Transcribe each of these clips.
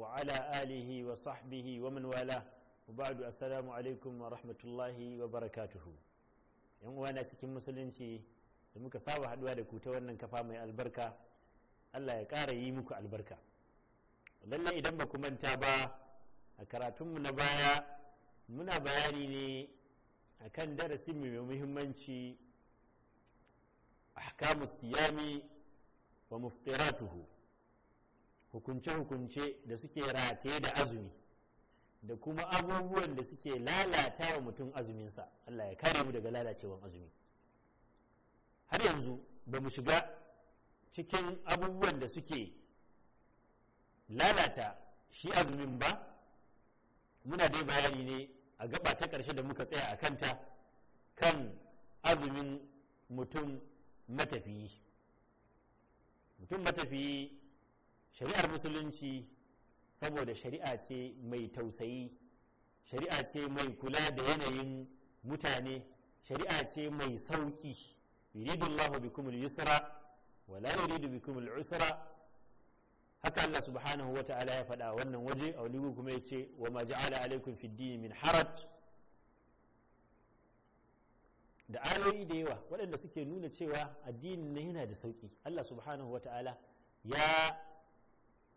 وعلى آله wa ومن والاه وبعد السلام عليكم ورحمة الله وبركاته yan uwana cikin musulunci da muka saba haɗuwa da ku ta wannan kafa mai albarka allah ya ƙara yi muku albarka lallai idan baku manta ba a karatun mu na baya muna bayani ne a kan darasi mai muhimmanci ahkamu siyami wa muftiratuhu hukunce-hukunce da suke rataye da azumi da kuma abubuwan da suke lalata wa mutum azuminsa Allah ya kare mu daga lalacewan azumi har yanzu ba mu shiga cikin abubuwan da suke lalata shi azumin ba muna dai bayani ne a gaba ta ƙarshe da muka tsaya a kanta kan azumin mutum matafiyi mutum matafiyi shari'ar musulunci saboda shari'a ce mai tausayi shari'a ce mai kula da yanayin mutane shari'a ce mai sauki yuridullahu bikum al-yusra wa la yuridu bikum al-usra haka Allah subhanahu wa ta'ala ya faɗa wannan waje a wani kuma ya ce wa ma ja'ala alaikum fid dini min haraj da ayoyi da yawa waɗanda suke nuna cewa addinin ne yana da sauki Allah subhanahu wa ta'ala ya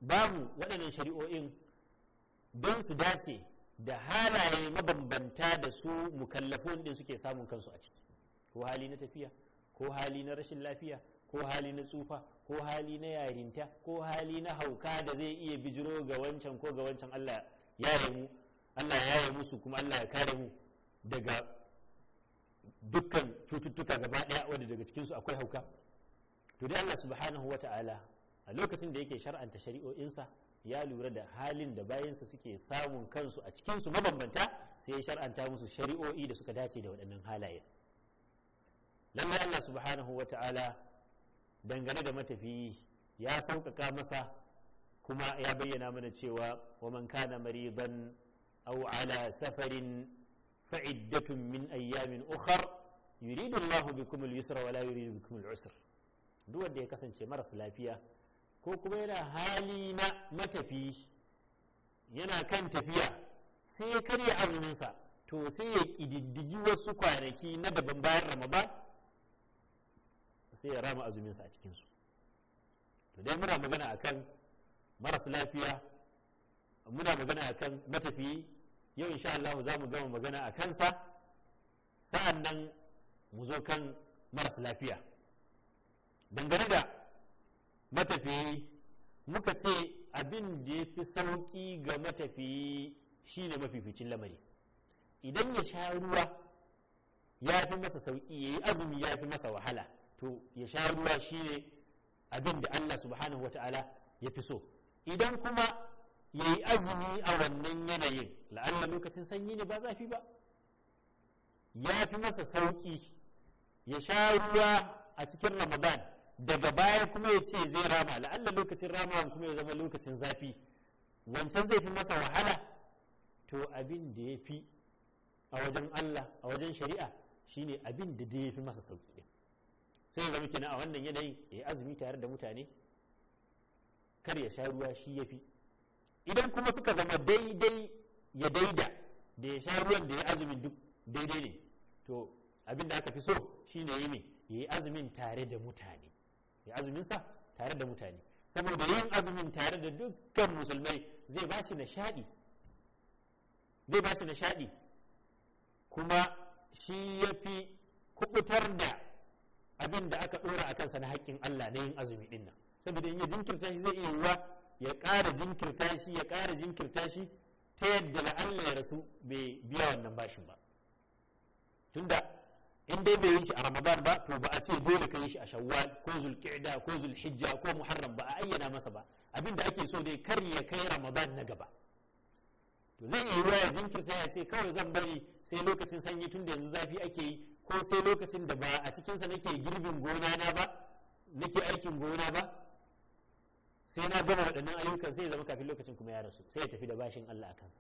babu waɗannan shari'o'in don su dace da halaye mabambanta da su mukallafun din suke samun kansu a ciki ko hali na tafiya ko hali na rashin lafiya ko hali na tsufa ko hali na yarinta ko hali na hauka da zai iya bijiro ga wancan ko ga wancan Allah ya mu Allah ya musu kuma Allah ya kare mu daga dukkan cututtuka gaba daya wanda daga cikinsu akwai hauka to dai Allah subhanahu wata'ala a lokacin da yake shar'anta shari'o'insa ya lura da halin da bayansa suke samun kansu a cikinsu mabambanta sai ya shar'anta musu shari'o'i da suka dace da waɗannan halaye lallai Allah subhanahu wa ta'ala dangane da matafiyi ya sauƙaƙa masa kuma ya bayyana mana cewa wa man kana maridan aw ala safarin fa'iddatun min ayyamin ukhar yuridu Allahu bikum al-yusra wa la yuridu bikum al-usra duk wanda ya kasance maras lafiya ko kuma yana hali na matafi yana kan tafiya sai ya karya azuminsa to sai ya ƙididdigi wasu kwanaki na daban bayan ba sai ya rama azuminsa a cikinsu to dai muna magana akan maras lafiya muna magana akan matafi, yau insha Allah za mu gama magana a kansa sa'an nan mu zo kan maras lafiya dangane da matafiyi muka ce abin da ya fi sauƙi ga matafiyi shine mafificin lamari idan ya sha ruwa ya fi masa sauƙi ya yi azumi ya fi masa wahala to ya sha ruwa shi ne abin da Allah subhanahu wata'ala ya fi so idan kuma ya yi azumi a wannan yanayin la'alla lokacin sanyi ne ba zafi ba ya fi masa sauƙi ya sha ruwa a cikin ramadan daga baya kuma ya ce zai rama la'alla lokacin ramawan kuma ya zama lokacin zafi wancan zai fi masa wahala to abin da ya fi a wajen Allah a wajen shari'a shine abin da ya fi masa sauki ɗin sai zama kenan a wannan yanayin ya azumi tare da mutane kar ya sha ruwa shi ya fi idan kuma suka zama daidai ya daida da ya sha ruwan da ya azumin duk daidai ne to abin da aka fi so shine yi ne ya yi azumin tare da mutane ya azuminsa tare da mutane saboda yin azumin tare da dukkan musulmai zai ba shi nishaɗi zai ba shi nishadi kuma shi ya fi kubutar da abin da aka ɗora a kansa na haƙƙin Allah na yin azumi din nan saboda in ya jinkirta shi zai iya yiwuwa ya ƙara jinkirta shi ya ƙara jinkirta shi ta yadda la'alla ya rasu bai biya wannan bashin ba tunda in dai bai yi shi a ramadan ba to ba a ce dole ka yi shi a shawwal ko zulqa'da ko zulhijja ko muharram ba a ayyana masa ba abin da ake so dai kar ya kai ramadan na gaba to zai iya ruwa ya jinkirta ya ce kawai zan bari sai lokacin sanyi tun da yanzu zafi ake yi ko sai lokacin da ba a cikinsa nake girbin gona na ba nake aikin gona ba sai na gama waɗannan ayyukan sai ya zama kafin lokacin kuma ya rasu sai ya tafi da bashin Allah a kansa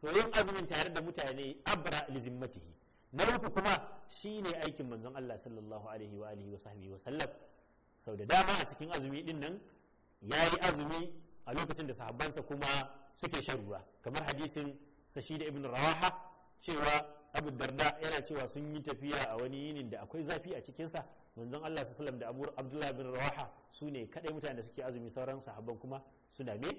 so yin azumin tare da mutane abra lizimmatihi na uku kuma shine aikin manzon Allah sallallahu alaihi wa alihi wa sahbihi wa sallam sau da dama a cikin azumi din nan yayi azumi a lokacin da sahabbansa kuma suke shan ruwa kamar hadisin sashida ibn rawaha cewa abu darda yana cewa sun yi tafiya a wani yinin da akwai zafi a cikinsa manzon Allah Sallallahu alaihi sallam da abu abdullahi bin rawaha su ne kadai mutane da suke azumi sauran sahabban kuma suna ne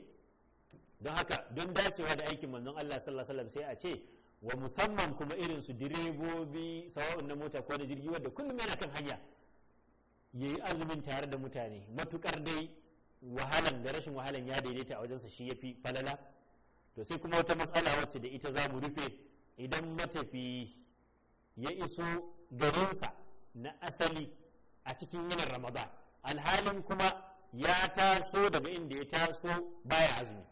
don haka don dacewa da aikin manzon Allah sallallahu alaihi sallam sai a ce wa musamman kuma irin su direbobi sawa'un na mota ko na jirgi wadda kullum yana kan hanya ya yi azumin tare da mutane matukar dai wahalan da rashin wahalan ya daidaita a wajensa shi ya fi falala to sai kuma wata matsala wacce da ita za mu rufe idan matafi ya iso garinsa na asali a cikin yinin ramadan alhalin kuma ya taso daga inda ya taso baya azumi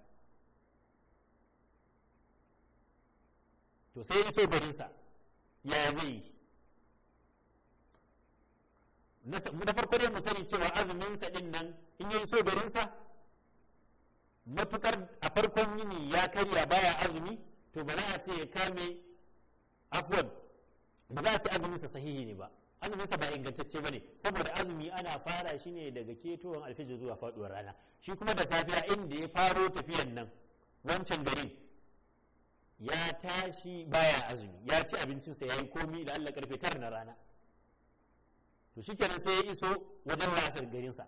to sai ya so garinsa ya zai yi na farko dai mu sani cewa azuminsa din nan in ya so garinsa matukar a farkon yini ya karya baya azumi to ba za a ce ya kame afwan ba za a ce azuminsa sahihi ne ba azuminsa ba ingantacce ba ne saboda azumi ana fara shi ne daga ketowar alfijir zuwa faduwar rana shi kuma da safiya inda ya faro tafiyan nan wancan garin ya tashi baya azumi ya ci abincinsa ya yi komi da Allah karfe tara na rana to shikenan sai ya iso wajen lasar garinsa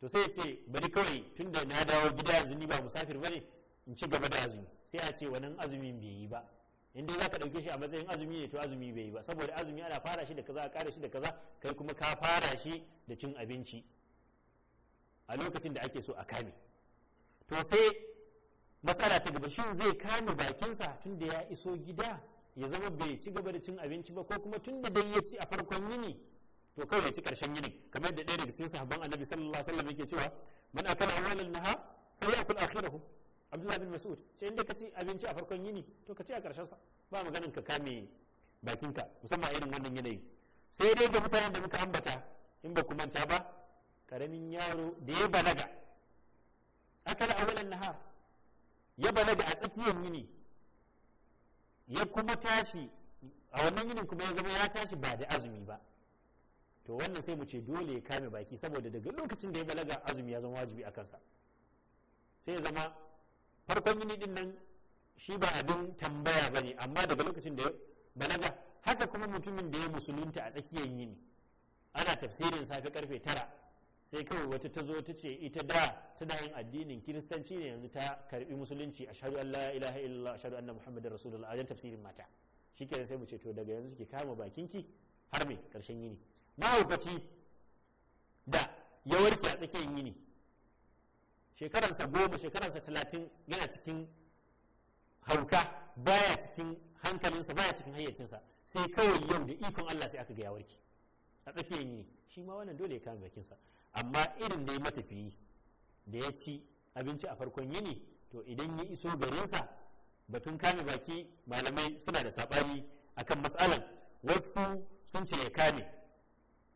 to sai ya ce bari kawai tunda na dawo gida yanzu ni ba musafir bane in ci gaba da azumi sai ya ce wannan azumin bai yi ba in dai zaka dauke shi a matsayin azumi ne to azumi bai yi ba saboda azumi ana fara shi da kaza a kare shi da kaza kai kuma ka fara shi da cin abinci a lokacin da ake so a kame to sai matsala ta gaba shin zai kame bakinsa tun da ya iso gida ya zama bai ci gaba da cin abinci ba ko kuma tun da dai ya ci a farkon yini to kawai ya ci karshen yini kamar da ɗaya daga cikin sahabban annabi sallallahu alaihi wasallam yake cewa man akala awwalan nahar falyakul akhirahu abdullahi bin mas'ud sai inda ka ci abinci a farkon yini to ka ci a karshen sa ba maganin ka kame bakinka musamman irin wannan yanayi sai dai ga mutanen da muka ambata in ba ku manta ba karamin yaro da ya balaga akala awwalan nahar ya balaga a tsakiyar yini ya kuma tashi a wannan yinin kuma ya zama ya tashi ba da azumi ba to wannan sai mu ce dole ya kame baki saboda daga lokacin da ya balaga azumi ya zama wajibi a kansa sai ya zama farkon yini din nan shi ba abin tambaya ba ne amma daga lokacin da ya balaga haka kuma mutumin da ya musulunta a tsakiyar yini ana tafsirin safe karfe tara sai kawai wata ta zo ta ce ita da tana yin addinin kiristanci ne yanzu ta karbi musulunci ashhadu an la ilaha illallah a ashhadu anna muhammadar rasulullah wajen tafsirin mata shi kenan sai mu ce to daga yanzu ki kama bakinki har me karshen yini mahaukaci da ya warke a tsakiyar yini shekaransa goma shekaransa talatin yana cikin hauka baya cikin hankalinsa baya cikin hayyacinsa sai kawai yau da ikon Allah sai aka ga ya warke a tsakiyar yi shi ma wannan dole ya kama bakinsa amma irin dai matafiyi da ya ci abinci a farkon yini to idan ya iso garinsa batun kame baki malamai suna da saɓani akan matsalan wasu sun ce ya kame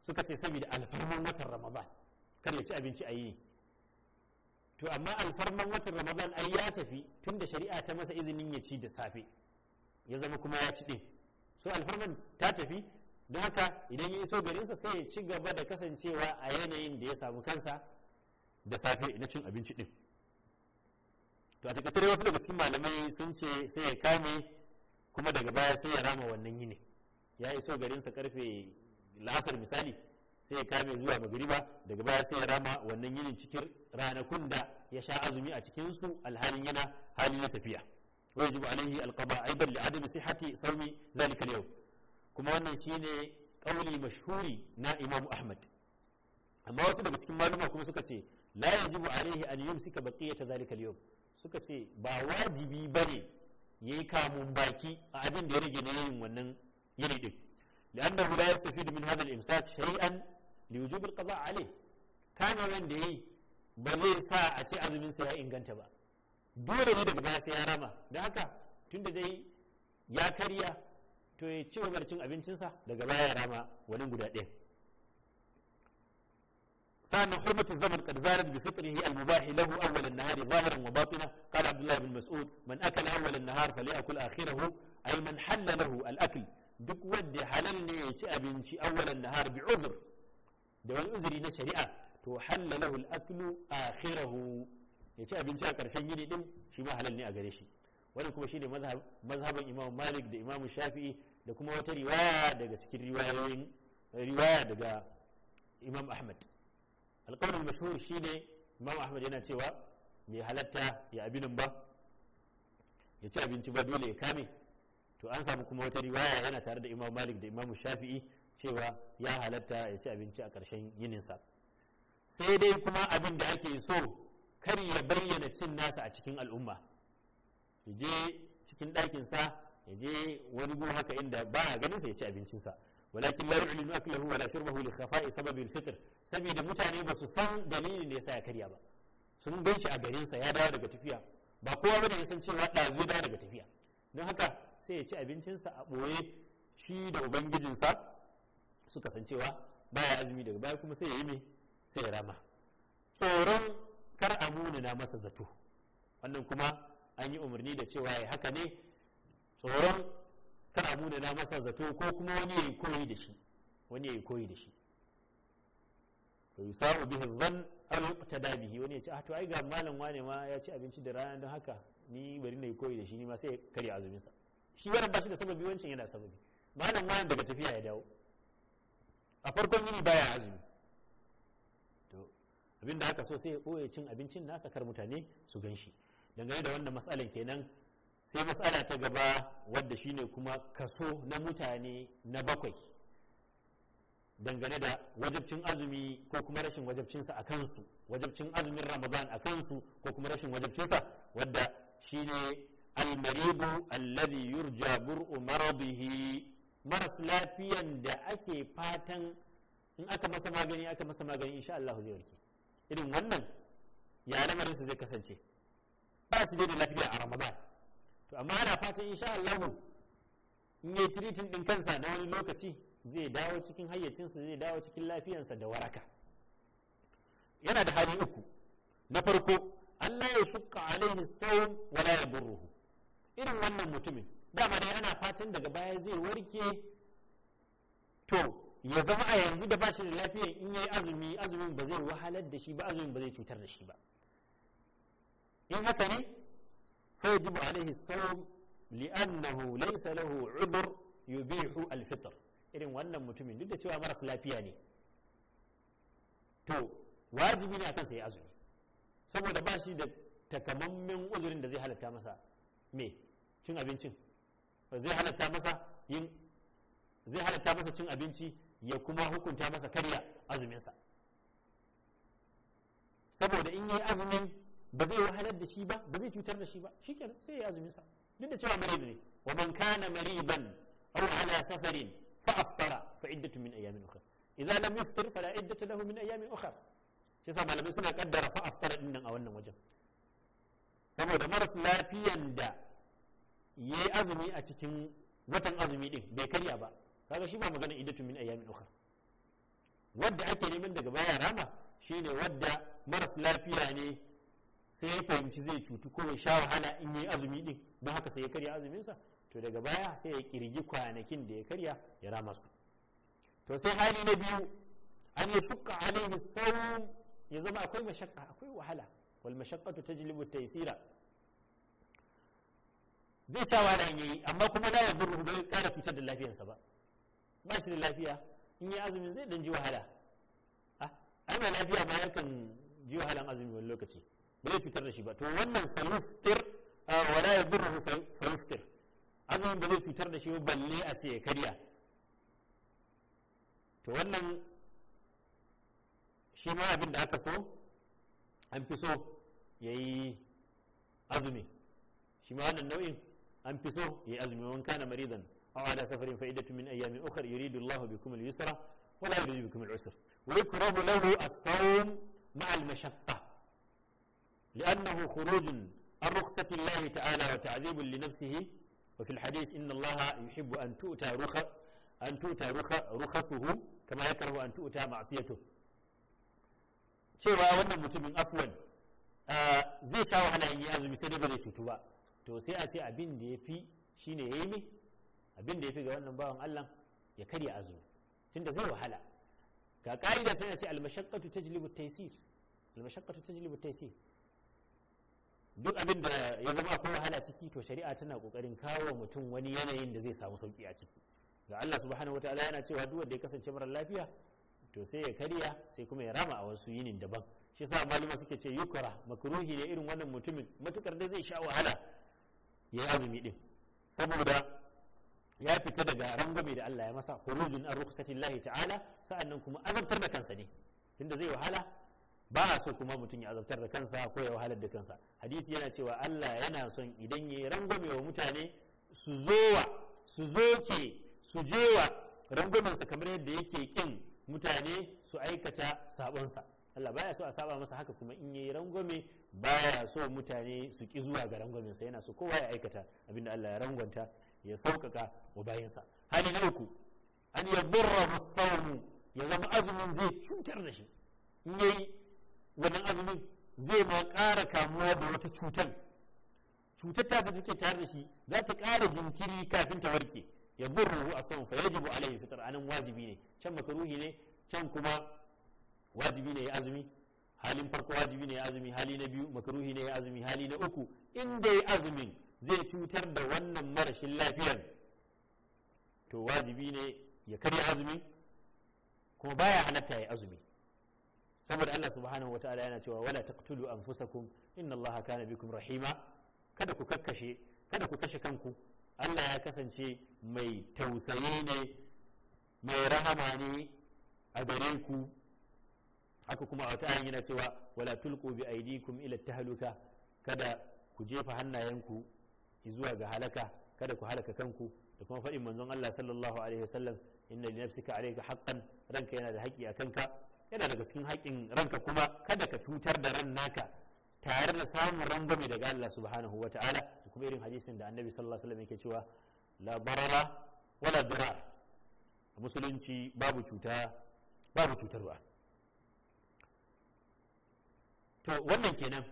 suka ce saboda alfarman watan ramadan kar ya ci abinci a yi to amma alfarman watan ramadan ai ya tafi tun da shari'a ta masa izinin ya ci da safe ya zama kuma ya ci din so alfarman ta tafi don haka idan ya iso garinsa sai ya ci gaba da kasancewa a yanayin da ya samu kansa da safe na cin abinci din to a takaice wasu daga cikin malamai sun ce sai ya kame kuma daga baya sai ya rama wannan yini ya iso garinsa karfe la'asar misali sai ya kame zuwa magariba daga baya sai ya rama wannan yinin cikin ranakun da ya sha azumi a cikin su alhalin yana hali na tafiya wajibu alaihi alqaba aidan li adami sihhati sawmi zalika yau kuma wannan shi ne kauli mashhuri na imam ahmad amma wasu daga cikin maluma kuma suka ce la yajibu alaihi an yumsika baqiyata zalika al suka ce ba wajibi bane yayi kamun baki a abin da ya rage na yin wannan yiri din lanna la yastafidu min hadha al-imsak shay'an li wujub al kana wanda yayi ba zai sa a ce azumin sa ya inganta ba dole ne daga baya sai ya rama da haka tunda dai ya karya to ya ci gaba da cin abincinsa daga baya rama wani guda ɗaya sa'annan hurmatu zaman qad zarat bi fitrihi al mubah lahu awwal an nahari zahiran wa batina qala abdullah ibn mas'ud man akala awwal an nahar falyakul akhirahu ay man halla lahu al akl duk wanda halal ne ya ci abinci awwal an nahar bi udhr da wani uzuri na shari'a to halla lahu al aklu akhirahu ya ci abinci a karshen gini din shi ma halal ne a gare shi wannan kuma shine mazhaban imam malik da imam shafi'i da kuma wata riwaya daga cikin riwayoyin riwaya daga imam ahmad alƙawarin mashhur ne imam ahmad yana cewa mai halatta ya abinin ba ya ci abinci ba dole ya kame to an samu kuma wata riwaya yana tare da imam malik da imam shafi'i cewa ya halatta ya ci abinci a ƙarshen yininsa sai dai kuma abin da ake so kar ya bayyana cin nasa a cikin al'umma ya je cikin ɗakinsa ya je wani gun haka inda ba a ganin sa ya ci abincinsa walakin la yu'linu aklahu wala shurbahu li khafa'i sababi al-fitr saboda mutane ba su san dalilin da yasa ya karya ba sun gan shi a garin sa ya dawo daga tafiya ba kowa bane ya san cewa zai dawo daga tafiya don haka sai ya ci abincinsa a boye shi da ubangijinsa suka san cewa baya azumi daga baya kuma sai ya yi me sai ya rama tsoron kar a na masa zato wannan kuma an yi umarni da cewa ya haka ne tsoron Abu da na masa zato ko kuma wani ya yi koyi da shi wani ya yi koyi da shi to yusa'u bihi dhann al yuqtada bihi wani ya ce ah to ai ga malam wane ma ya ci abinci da rana don haka ni bari na yi koyi da shi ni ma sai karya azumin sa shi wannan ba shi da sababi wancan yana sababi malam wane daga tafiya ya dawo a farkon yini baya azumi to abinda haka so sai ya koye cin abincin nasa kar mutane su gan shi dangane da wannan matsalan kenan sai matsala ta gaba wadda shine kuma kaso na mutane na bakwai dangane da wajabcin azumi ko kuma rashin wajabcinsa a kansu wajabcin azumin ramadan a kansu ko kuma rashin wajabcinsa wadda shine almaribu alladhi yurja bur'u maradihi maras lafiyan da ake fatan in aka masa magani aka masa magani insha Allah zai warke irin wannan ya zai kasance ba su da lafiya a ramadan to amma ana fatan insha Allah in yi tiritin din kansa da wani lokaci zai dawo cikin hayyacinsa zai dawo cikin lafiyansa da waraka yana da hali uku na farko Allah ya shukka alaihi sawm la yadurruhu irin wannan mutumin dama dai ana fatan daga baya zai warke to ya zama a yanzu da bashi da lafiya in yayi azumi azumin ba zai wahalar da shi ba azumin ba zai cutar da shi ba in haka ne فيجب عليه الصوم لأنه ليس له عذر يبيح الفطر irin wannan mutumin duk da cewa maras lafiya ne to wajibi ne akan sai azumi saboda ba shi da takamaiman uzurin da zai halatta masa me cin abincin zai halatta masa yin zai halatta masa cin abinci ya kuma hukunta masa karya azuminsa saboda in yi azumin ba zai wahalar da shi ba ba zai cutar da shi ba shikenan sai ya azumin sa duk da cewa marid ne wa man kana mariban aw ala safarin fa aftara fa iddatu min ayamin ukhra idza lam yuftir fala iddatu lahu min ayamin ukhra shi yasa malamai suna kaddara fa aftara din nan a wannan wajen saboda maras lafiyan da yayi azumi a cikin watan azumi din bai karya ba kaga shi ba magana iddatu min ayamin ukhra wadda ake neman daga baya rama shine wadda maras lafiya ne sai ya fahimci zai cutu ko ya sha wahala in yi azumi din don haka sai ya karya azuminsa to daga baya sai ya kirgi kwanakin da ya karya ya rama su to sai hali na biyu an yi shukka alaihi sau ya zama akwai mashakka akwai wahala wal mashaqqatu tajlibu taysira zai sha wa nan yi amma kuma da yadda ruhu bai kara cutar da lafiyarsa ba ba shi da lafiya in yi azumin zai dan ji wahala ah ana lafiya ba yakan ji wahalan azumi wani lokaci bai cutar da shi ba to wannan salustir wala ya durru salustir azumin ba zai cutar da shi ba balle a ce karya to wannan shi ma abin da aka so an fi so ya yi azumi shi ma wannan nau'in an fi so ya yi azumi wani kana maridan a ala safarin fa'idatu min ayyamin ukhra yuridu Allahu bikum al-yusra wala la yuridu bikum al-usra wa yukrahu lahu as-sawm ma'a al-mashaqqa لأنه خروج عن رخصة الله تعالى وتعذيب لنفسه وفي الحديث إن الله يحب أن تؤتى رخ أن تؤتى رخ رخصه كما يكره أن تؤتى معصيته cewa wannan mutumin afwan zai sha wahala in yi azumi sai dai ba zai cutu ba to sai a abin da ya fi ya yi ne abin da ya fi ga wannan bawan Allah ya karya azumi tunda zai wahala ga ka'ida tana ce al-mashaqqatu tajlibu at duk abin da eh, ya zama akwai wahala ciki to shari'a tana kokarin kawo mutum wani yanayin da zai samu sauki a ciki ga Allah subhanahu wataala yana cewa duk wanda ya kasance mara lafiya to sai ya karya sai kuma ya rama a wasu yinin daban shi yasa malama suke ce yukra makruhi ne irin wannan mutumin matukar da zai sha wahala ya azumi din saboda ya fita daga rangwame da Allah ya masa khurujun an rukhsatillahi ta'ala sa'annan kuma azabtar da kansa ne tunda zai wahala ba a so kuma mutum ya azabtar da kansa ko ya wahalar da kansa hadisi yana cewa Allah yana son idan ya rangwame wa mutane su zowa su zoke su jewa rangwamansa kamar yadda yake kin mutane su aikata sabonsa Allah baya so a saba masa haka kuma in yayi rangwame baya so mutane su ki zuwa ga rangwamen sa yana so kowa ya aikata abinda Allah ya rangwanta ya sauƙaƙa wa sa hali na uku an yaburra saumu ya zama azumin zai cutar da shi in yayi wannan azumin zai ma ƙara kamuwa da wata cutar cutar ta take tare da shi za ta ƙara jinkiri kafin ta warke ya ruhu a son fa yajibu alaihi fitar anan wajibi ne can makaruhi ne can kuma wajibi ne ya azumi halin farko wajibi ne ya azumi hali na biyu makaruhi ne ya azumi hali na uku in ya azumin zai cutar da wannan marashin lafiyar to wajibi ne ya karya azumi kuma baya halatta ya azumi saboda Allah subhanahu wataala yana cewa wala taqtulu anfusakum inna Allah kana bikum rahima kada ku kakkashe kada ku kashe kanku Allah ya kasance mai tausayi ne mai rahama ne a gare ku haka kuma a wata ayin yana cewa wala tulqu bi aydikum ila tahluka kada ku jefa hannayenku zuwa ga halaka kada ku halaka kanku da kuma faɗin manzon Allah sallallahu alaihi wasallam inna li nafsika alayka haqqan ranka yana da haƙƙi a kanka yana daga cikin haƙƙin ranka kuma kada ka cutar da ran naka tare da samun rangwame daga Allah subhanahu wa ta'ala da kuma irin hadisin da annabi sallallahu alaihi wasallam yake cewa la barara wala dirar musulunci babu cuta babu cutarwa to wannan kenan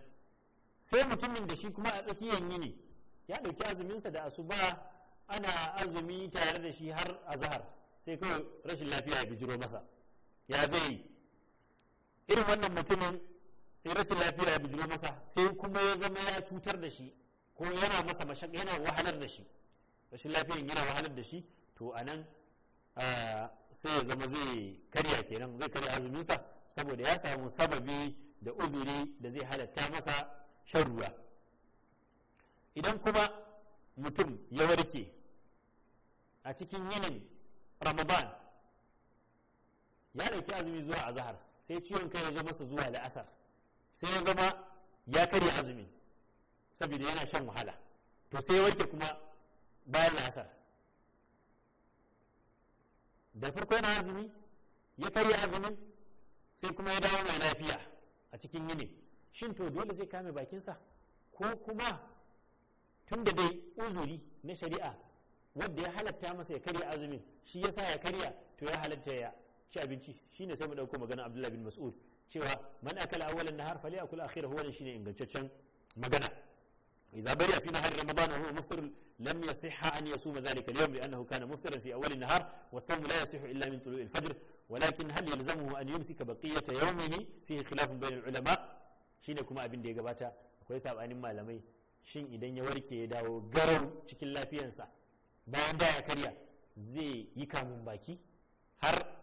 sai mutumin da shi kuma a tsakiyar yini ya ɗauki azuminsa da asuba ana azumi tare da shi har azhar sai kawai rashin lafiya ya bijiro masa ya zai irin wannan mutumin ya rashin lafiya ya bijiro masa sai kuma ya zama ya cutar da shi ko yana masa mashak yana wahalar da shi rashin lafiyan yana wahalar da shi to a nan sai ya zama zai karya kenan zai karya azuminsa saboda ya samu sababi da uzuri da zai halatta masa shan ruwa idan kuma mutum ya warke a cikin yinin ramadan ya ɗauki azumi zuwa azahar sai ciwon kai ya zama su zuwa la'asar sai ya zama ya karya azumi saboda yana shan wahala to sai warke kuma bayan la'asar da farko na azumi ya karya azumin sai kuma ya dawo mai lafiya a cikin yini shin to dole zai kame bakinsa ko kuma tun da dai uzuri na shari'a wanda ya halatta masa ya karya azumin shi ya sa ya karya to ya halatta ya ci abinci shine sai mu dauko magana Abdullahi bin Mas'ud cewa man akala awwalan nahar falyakul akhirahu wannan shine ingantaccen magana idza bariya fi nahar ramadan huwa muftir lam yasihha an yasuma dhalika al-yawm bi annahu kana muftiran fi awwal an-nahar wa as-sawm la yasihu illa min tulu'i al-fajr walakin hal yalzamuhu an yumsika baqiyata yawmihi fihi khilafun bayna al-ulama shine kuma abin da ya gabata akwai sabanin malamai shin idan ya warke ya dawo garau cikin lafiyarsa bayan da ya karya zai yi kamun baki har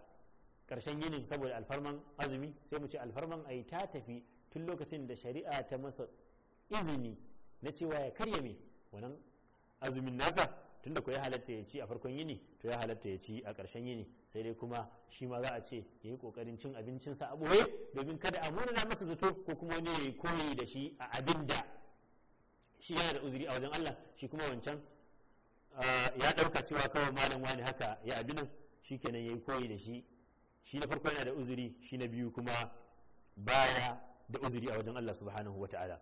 karshen yinin saboda alfarman azumi sai mu ce alfarman ai ta tafi tun lokacin da shari'a ta masa izini na cewa ya karya mai wannan azumin nasa tunda ko ya halatta ya ci a farkon yini to ya halatta ya ci a ƙarshen yini sai dai kuma shi ma za a ce ya yi ƙoƙarin cin abincinsa a ɓoye domin kada a murna masa zato ko kuma wani ya yi koyi da shi a abin da shi yana da uzuri a wajen Allah shi kuma wancan ah, ya ɗauka cewa kawai malam wani haka ya abin nan shi kenan ya yi koyi da shi shi na farko yana da uzuri shi na biyu kuma baya da uzuri a wajen Allah subhanahu wa ta'ala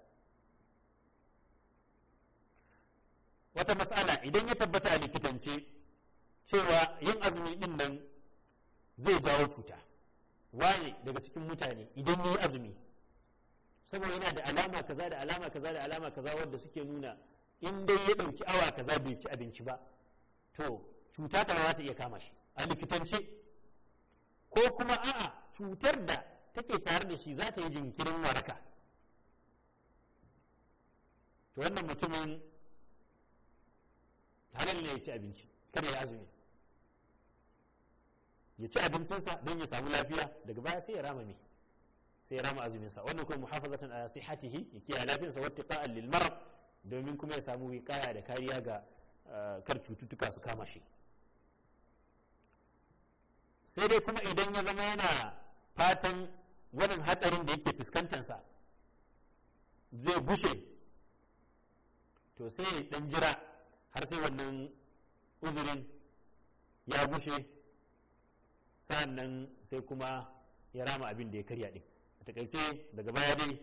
wata matsala idan ya tabbata a likitance cewa yin azumi din nan zai jawo cuta waye daga cikin mutane idan ya yi azumi saboda yana da alama kaza da alama kaza da alama kaza wadda suke nuna in dai ya ɗauki awa kaza bai ci abinci ba to cuta ta za ta iya kama shi a likitance ko kuma a'a cutar da take tare da shi za ta yi jinkirin waraka to wannan mutumin halin ne ya ci abinci kada ya azumi ya ci abincinsa don ya samu lafiya daga baya sai ya rama me sai ya rama azuminsa wannan kuma muhafazatan ala sihhatihi ya kiyaye lafiyarsa wata lil marad domin kuma ya samu wiƙaya da kariya ga eh, kar cututtuka su kama shi sai dai kuma idan ya zama yana fatan wannan hatsarin da yake fuskantarsa zai bushe to sai dan jira har sai wannan uzurin ya gushe sa'annan sai kuma ya rama abin da ya karya din a takaice daga baya dai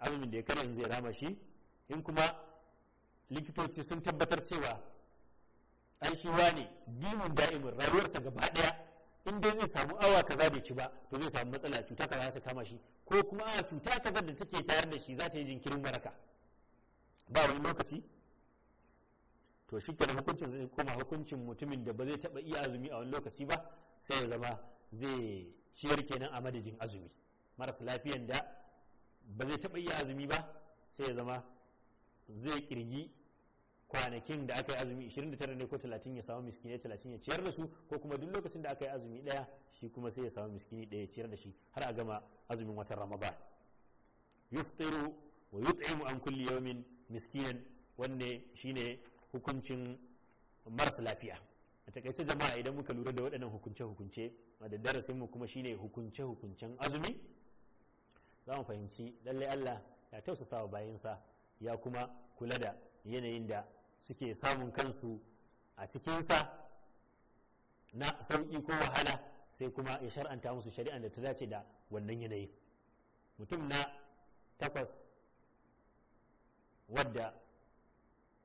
abin da ya karya zai rama shi in kuma likitoci sun tabbatar cewa an shi wane da'imin rayuwarsa gaba daya in dai zai samu awa kaza bai ci ba to zai samu matsala cuta kaza za ta kama shi ko kuma a cuta kaza da take tayar da shi za ta yi jinkirin waraka ba wani lokaci to shi kenan hukuncin zai koma hukuncin mutumin da ba zai taba iya azumi a wani lokaci ba sai ya zama zai ciyar kenan a madadin azumi marasa lafiyan da ba zai taba iya azumi ba sai ya zama zai kirgi kwanakin da aka yi azumi 29 ne ko 30 ya samu miskini 30 ya ciyar da su ko kuma duk lokacin da aka yi azumi daya shi kuma sai ya samu miskini daya ciyar da shi har a gama azumin watan ramadan yuftiru wa yut'imu an kulli yawmin miskinan wanne shine hukuncin marasa lafiya a takaice jama'a idan muka lura da waɗannan hukunce hukunce da darasin mu kuma shine hukunce hukuncen azumi za mu fahimci lallai Allah ya tausasa wa bayansa ya kuma kula da yanayin da suke samun kansu a cikinsa na sauƙi ko wahala sai kuma ya shar'anta musu shari'an da ta dace da wannan yanayi mutum na takwas wadda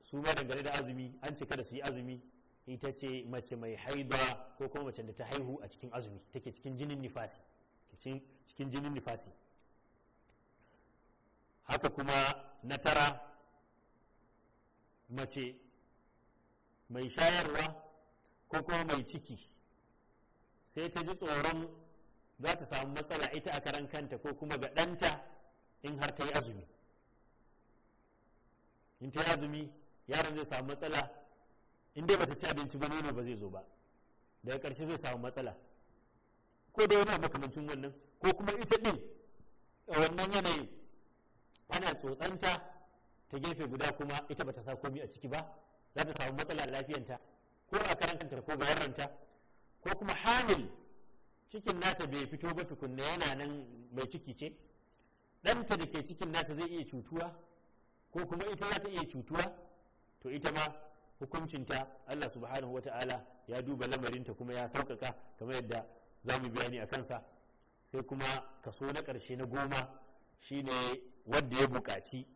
su ma dangane da azumi an cika da su yi azumi ita ce mace mai haidwa ko kuma mace da ta haihu a cikin azumi take cikin jinin nifasi cikin jinin nifasi haka kuma na tara mace mai shayarwa ko kuma mai ciki sai ta ji tsoron za ta samu matsala ita a karan kanta ko kuma ga ɗanta in har ta yi azumi in ta yi azumi yaron zai samu matsala in dai ta ci abinci ba nono ba zai zo ba daga ƙarshe zai samu matsala ko da yana makamancin wannan ko kuma ita ɗin a wannan yanayin ana tsotsanta ta gefe guda kuma ita bata sa komi a ciki ba za ta samu matsala lafiyanta ko a karan kanta ko bayaranta ko kuma hamil cikin nata bai fito ba tukunna yana nan mai ciki ce ɗanta da ke cikin nata zai iya cutuwa ko kuma ita za ta iya cutuwa to ita ma hukuncinta Allah subhanahu wa ta'ala ya duba lamarinta kuma ya sauƙaƙa kamar yadda za mu bayani a kansa sai kuma kaso na ƙarshe na goma shine wanda ya buƙaci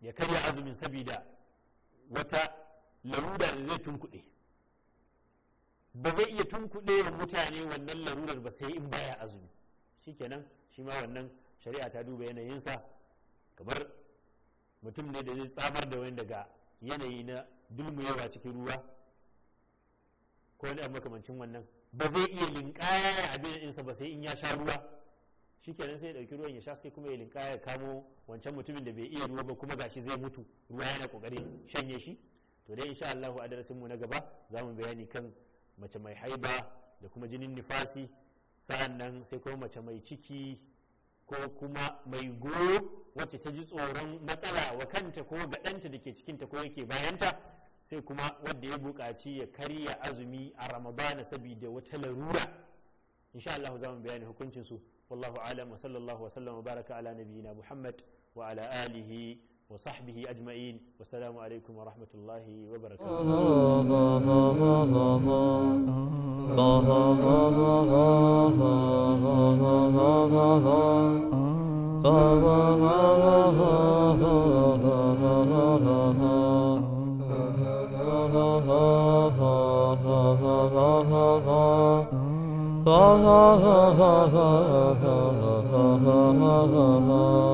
ya karya azumin saboda wata larura da zai tunkuɗe ba zai iya tunkuɗe wa mutane wannan larurar ba sai in baya azumi shikenan shi ma wannan shari'a ta duba yanayinsa kamar mutum ne da zai tsamar da wani daga yanayi na dulmuyewa cikin ruwa ko wani abu makamancin wannan ba zai iya linkaya abin insa ba sai in ya sha ruwa shikenan sai ya dauki ruwan ya sha sai kuma ya linka ya kamo wancan mutumin da bai iya ruwa ba kuma gashi zai mutu ruwa yana kokarin shanye shi to dai insha Allah a darasin mu na gaba zamu bayani kan mace mai haiba da kuma jinin nifasi sa'an sai kuma mace mai ciki ko kuma mai goyo wacce ta ji tsoron matsala wa kanta ko ga danta da ke cikinta ko yake bayanta sai kuma wanda ya buƙaci ya karya azumi a ramadana saboda wata larura insha Allah za mu bayani hukuncin su والله أعلم وصلى الله وسلم وبارك على نبينا محمد وعلى آله وصحبه أجمعين والسلام عليكم ورحمة الله وبركاته آه. ha